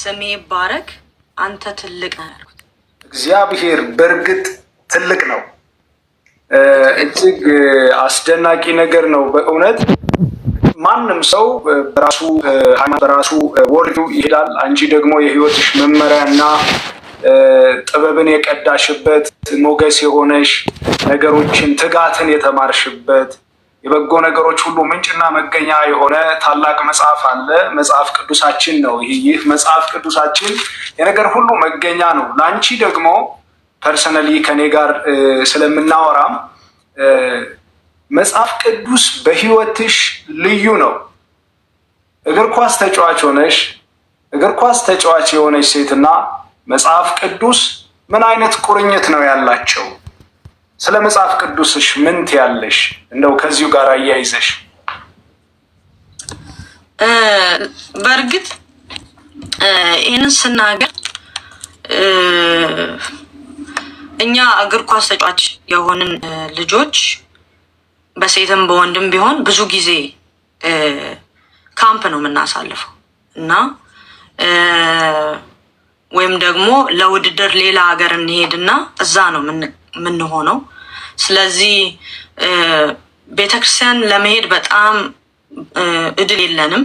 ስሜ ባረክ አንተ ትልቅ ነህ አልኩት። እግዚአብሔር በእርግጥ ትልቅ ነው። እጅግ አስደናቂ ነገር ነው። በእውነት ማንም ሰው በራሱ ሃይማኖት በራሱ ወርዱ ይሄዳል። አንቺ ደግሞ የህይወትሽ መመሪያ እና ጥበብን የቀዳሽበት ሞገስ የሆነሽ ነገሮችን ትጋትን የተማርሽበት የበጎ ነገሮች ሁሉ ምንጭና መገኛ የሆነ ታላቅ መጽሐፍ አለ። መጽሐፍ ቅዱሳችን ነው። ይህ መጽሐፍ ቅዱሳችን የነገር ሁሉ መገኛ ነው። ለአንቺ ደግሞ ፐርሰነሊ ከኔ ጋር ስለምናወራም መጽሐፍ ቅዱስ በህይወትሽ ልዩ ነው። እግር ኳስ ተጫዋች ሆነሽ እግር ኳስ ተጫዋች የሆነች ሴትና መጽሐፍ ቅዱስ ምን አይነት ቁርኝት ነው ያላቸው? ስለ መጽሐፍ ቅዱስሽ ምን ትያለሽ? እንደው ከዚሁ ጋር አያይዘሽ። በእርግጥ ይህንን ስናገር እኛ እግር ኳስ ተጫዋች የሆንን ልጆች በሴትም በወንድም ቢሆን ብዙ ጊዜ ካምፕ ነው የምናሳልፈው እና ወይም ደግሞ ለውድድር ሌላ ሀገር እንሄድና እዛ ነው ምን የምንሆነው። ስለዚህ ቤተክርስቲያን ለመሄድ በጣም እድል የለንም።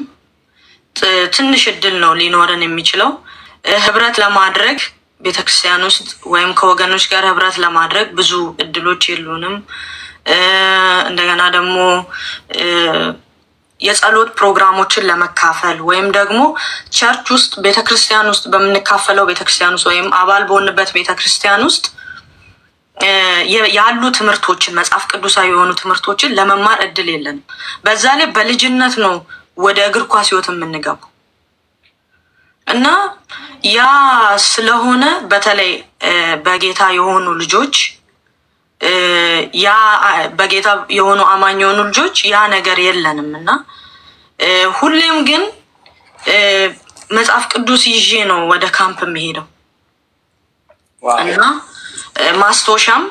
ትንሽ እድል ነው ሊኖረን የሚችለው። ህብረት ለማድረግ ቤተክርስቲያን ውስጥ ወይም ከወገኖች ጋር ህብረት ለማድረግ ብዙ እድሎች የሉንም። እንደገና ደግሞ የጸሎት ፕሮግራሞችን ለመካፈል ወይም ደግሞ ቸርች ውስጥ ቤተክርስቲያን ውስጥ በምንካፈለው ቤተክርስቲያን ውስጥ ወይም አባል በሆንበት ቤተክርስቲያን ውስጥ ያሉ ትምህርቶችን መጽሐፍ ቅዱሳዊ የሆኑ ትምህርቶችን ለመማር እድል የለንም። በዛ ላይ በልጅነት ነው ወደ እግር ኳስ ህይወት የምንገቡ እና ያ ስለሆነ በተለይ በጌታ የሆኑ ልጆች ያ በጌታ የሆኑ አማኝ የሆኑ ልጆች ያ ነገር የለንም እና ሁሌም ግን መጽሐፍ ቅዱስ ይዤ ነው ወደ ካምፕ የሚሄደው እና ማስታወሻም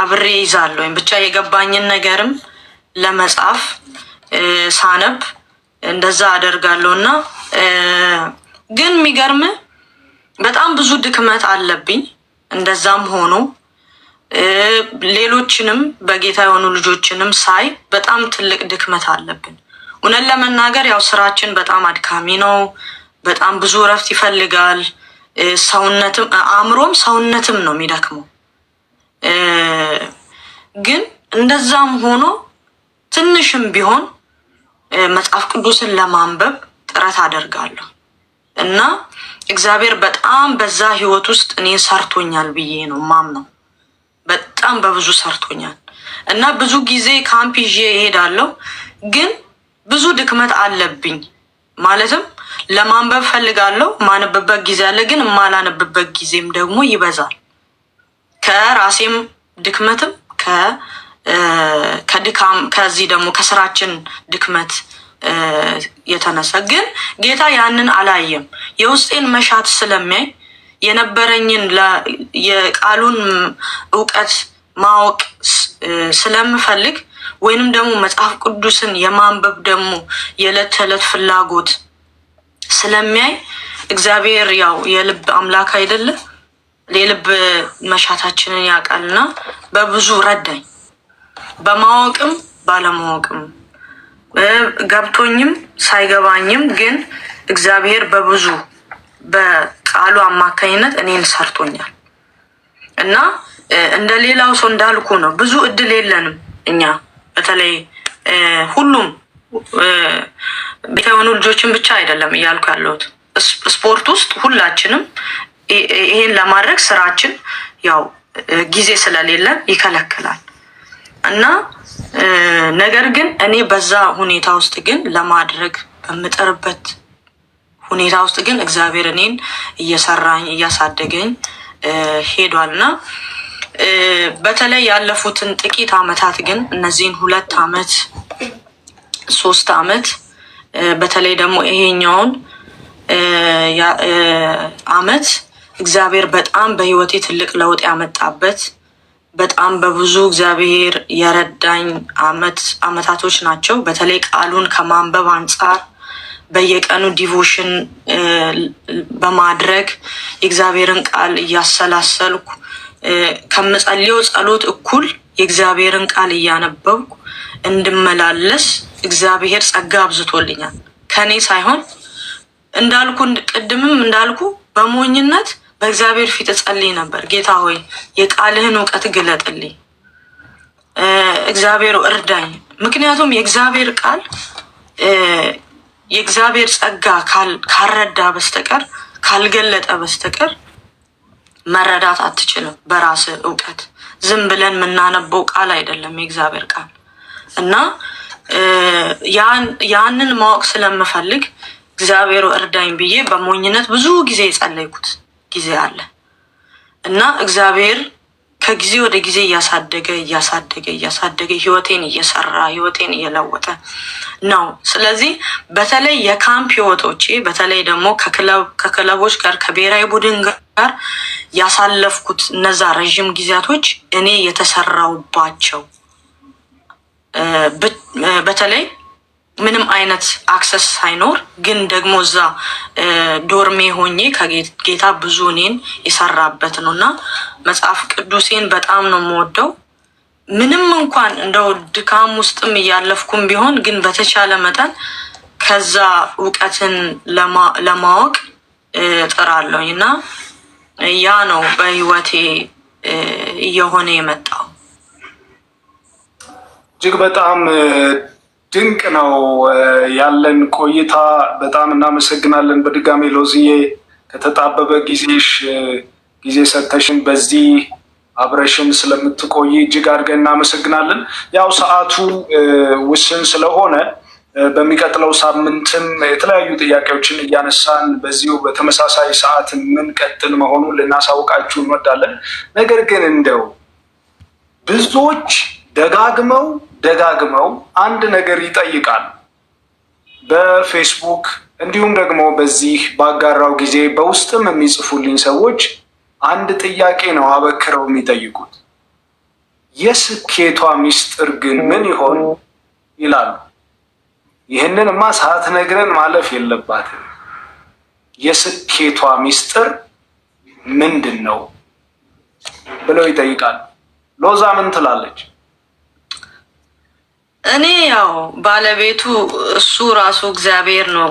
አብሬ ይዛለሁ። ብቻ የገባኝን ነገርም ለመጻፍ ሳነብ እንደዛ አደርጋለሁ እና ግን የሚገርም በጣም ብዙ ድክመት አለብኝ። እንደዛም ሆኖ ሌሎችንም በጌታ የሆኑ ልጆችንም ሳይ በጣም ትልቅ ድክመት አለብን። እውነት ለመናገር ያው ስራችን በጣም አድካሚ ነው። በጣም ብዙ እረፍት ይፈልጋል። ሰውነትም አእምሮም ሰውነትም ነው የሚደክመው። ግን እንደዛም ሆኖ ትንሽም ቢሆን መጽሐፍ ቅዱስን ለማንበብ ጥረት አደርጋለሁ እና እግዚአብሔር በጣም በዛ ህይወት ውስጥ እኔ ሰርቶኛል ብዬ ነው ማምነው። በጣም በብዙ ሰርቶኛል እና ብዙ ጊዜ ካምፕ ይዤ እሄዳለሁ፣ ግን ብዙ ድክመት አለብኝ ማለትም ለማንበብ ፈልጋለሁ። ማንብበት ጊዜ አለ፣ ግን ማላነብበት ጊዜም ደግሞ ይበዛል። ከራሴም ድክመትም ከድካም ከዚህ ደግሞ ከስራችን ድክመት የተነሳ ግን ጌታ ያንን አላየም። የውስጤን መሻት ስለሚያይ የነበረኝን የቃሉን እውቀት ማወቅ ስለምፈልግ ወይንም ደግሞ መጽሐፍ ቅዱስን የማንበብ ደግሞ የዕለት ተዕለት ፍላጎት ስለሚያይ እግዚአብሔር ያው የልብ አምላክ አይደለ? የልብ መሻታችንን እና በብዙ ረዳኝ፣ በማወቅም ባለማወቅም፣ ገብቶኝም ሳይገባኝም ግን እግዚአብሔር በብዙ በቃሉ አማካኝነት እኔን ሰርቶኛል እና እንደ ሌላው ሰው እንዳልኩ ነው። ብዙ እድል የለንም እኛ በተለይ ሁሉም የሆኑ ልጆችን ብቻ አይደለም እያልኩ ያለሁት። ስፖርት ውስጥ ሁላችንም ይሄን ለማድረግ ስራችን ያው ጊዜ ስለሌለ ይከለክላል እና ነገር ግን እኔ በዛ ሁኔታ ውስጥ ግን ለማድረግ በምጥርበት ሁኔታ ውስጥ ግን እግዚአብሔር እኔን እየሰራኝ እያሳደገኝ ሄዷል እና በተለይ ያለፉትን ጥቂት አመታት ግን እነዚህን ሁለት አመት ሶስት አመት በተለይ ደግሞ ይሄኛውን አመት እግዚአብሔር በጣም በህይወቴ ትልቅ ለውጥ ያመጣበት በጣም በብዙ እግዚአብሔር የረዳኝ አመት አመታቶች ናቸው። በተለይ ቃሉን ከማንበብ አንጻር በየቀኑ ዲቮሽን በማድረግ የእግዚአብሔርን ቃል እያሰላሰልኩ ከምጸልየው ጸሎት እኩል የእግዚአብሔርን ቃል እያነበብኩ እንድመላለስ እግዚአብሔር ጸጋ አብዝቶልኛል። ከኔ ሳይሆን እንዳልኩ ቅድምም እንዳልኩ በሞኝነት በእግዚአብሔር ፊት እጸልይ ነበር። ጌታ ሆይ የቃልህን እውቀት ግለጥልኝ፣ እግዚአብሔር እርዳኝ። ምክንያቱም የእግዚአብሔር ቃል የእግዚአብሔር ጸጋ ካልረዳ በስተቀር ካልገለጠ በስተቀር መረዳት አትችልም። በራስ እውቀት ዝም ብለን የምናነበው ቃል አይደለም የእግዚአብሔር ቃል እና ያንን ማወቅ ስለምፈልግ እግዚአብሔር እርዳኝ ብዬ በሞኝነት ብዙ ጊዜ የጸለይኩት ጊዜ አለ እና እግዚአብሔር ከጊዜ ወደ ጊዜ እያሳደገ እያሳደገ እያሳደገ ህይወቴን እየሰራ ህይወቴን እየለወጠ ነው። ስለዚህ በተለይ የካምፕ ህይወቶቼ በተለይ ደግሞ ከክለቦች ጋር ከብሔራዊ ቡድን ጋር ያሳለፍኩት እነዛ ረዥም ጊዜያቶች እኔ የተሰራውባቸው በተለይ ምንም አይነት አክሰስ ሳይኖር ግን ደግሞ እዛ ዶርሜ ሆኜ ከጌታ ብዙ እኔን የሰራበት ነው እና መጽሐፍ ቅዱሴን በጣም ነው የምወደው። ምንም እንኳን እንደው ድካም ውስጥም እያለፍኩም ቢሆን ግን በተቻለ መጠን ከዛ እውቀትን ለማወቅ እጥራለሁኝ እና ያ ነው በህይወቴ እየሆነ የመጣው። እጅግ በጣም ድንቅ ነው ያለን ቆይታ። በጣም እናመሰግናለን በድጋሚ ሎዝዬ ከተጣበበ ጊዜሽ ጊዜ ሰተሽን በዚህ አብረሽን ስለምትቆይ እጅግ አድርገን እናመሰግናለን። ያው ሰዓቱ ውስን ስለሆነ በሚቀጥለው ሳምንትም የተለያዩ ጥያቄዎችን እያነሳን በዚሁ በተመሳሳይ ሰዓት የምንቀጥል መሆኑን ልናሳውቃችሁ እንወዳለን። ነገር ግን እንደው ብዙዎች ደጋግመው ደጋግመው አንድ ነገር ይጠይቃል። በፌስቡክ እንዲሁም ደግሞ በዚህ ባጋራው ጊዜ በውስጥም የሚጽፉልኝ ሰዎች አንድ ጥያቄ ነው አበክረው የሚጠይቁት። የስኬቷ ሚስጥር ግን ምን ይሆን ይላሉ። ይህንንማ ነግረን ማለፍ የለባትም። የስኬቷ ሚስጥር ምንድን ነው ብለው ይጠይቃል። ሎዛ ምን ትላለች? እኔ ያው ባለቤቱ እሱ ራሱ እግዚአብሔር ነው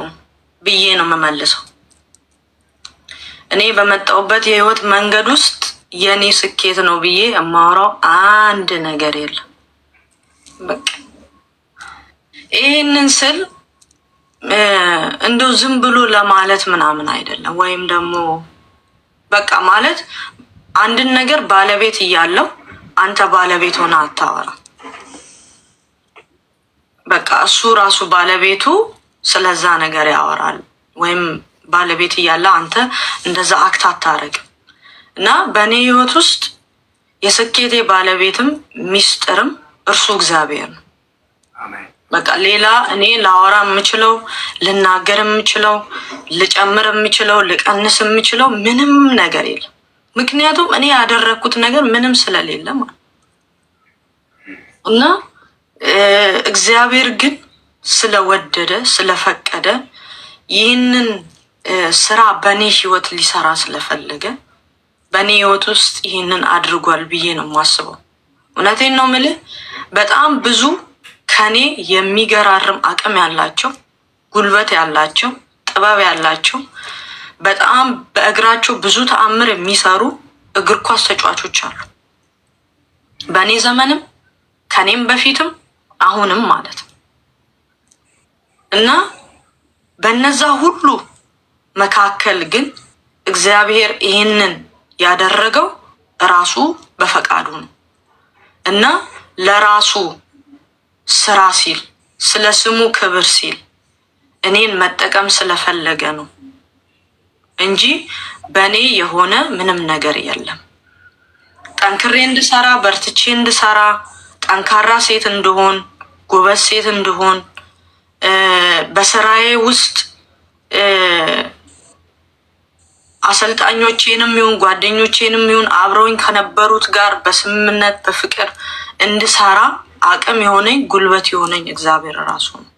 ብዬ ነው የምመልሰው። እኔ በመጣሁበት የህይወት መንገድ ውስጥ የእኔ ስኬት ነው ብዬ የማወራው አንድ ነገር የለም። በቃ ይህንን ስል እንደው ዝም ብሎ ለማለት ምናምን አይደለም። ወይም ደግሞ በቃ ማለት አንድን ነገር ባለቤት እያለው አንተ ባለቤት ሆነ አታወራም። በቃ እሱ ራሱ ባለቤቱ ስለዛ ነገር ያወራል ወይም ባለቤት እያለ አንተ እንደዛ አክት አታረግም። እና በእኔ ህይወት ውስጥ የስኬቴ ባለቤትም ሚስጥርም እርሱ እግዚአብሔር ነው። በቃ ሌላ እኔ ላወራ የምችለው ልናገር የምችለው ልጨምር የምችለው ልቀንስ የምችለው ምንም ነገር የለም። ምክንያቱም እኔ ያደረግኩት ነገር ምንም ስለሌለ ማለት እና እግዚአብሔር ግን ስለወደደ ስለፈቀደ ይህንን ስራ በእኔ ህይወት ሊሰራ ስለፈለገ በእኔ ህይወት ውስጥ ይህንን አድርጓል ብዬ ነው የማስበው። እውነቴን ነው የምልህ። በጣም ብዙ ከኔ የሚገራርም አቅም ያላቸው ጉልበት ያላቸው ጥበብ ያላቸው በጣም በእግራቸው ብዙ ተአምር የሚሰሩ እግር ኳስ ተጫዋቾች አሉ። በእኔ ዘመንም ከኔም በፊትም አሁንም ማለት ነው እና በነዛ ሁሉ መካከል ግን እግዚአብሔር ይህንን ያደረገው ራሱ በፈቃዱ ነው እና ለራሱ ስራ ሲል ስለ ስሙ ክብር ሲል እኔን መጠቀም ስለፈለገ ነው እንጂ በእኔ የሆነ ምንም ነገር የለም። ጠንክሬ እንድሰራ በርትቼ እንድሰራ ጠንካራ ሴት እንድሆን፣ ጎበዝ ሴት እንድሆን፣ በስራዬ ውስጥ አሰልጣኞቼንም ይሁን ጓደኞቼንም ይሁን አብረውኝ ከነበሩት ጋር በስምምነት በፍቅር እንድሰራ አቅም የሆነኝ ጉልበት የሆነኝ እግዚአብሔር ራሱ ነው።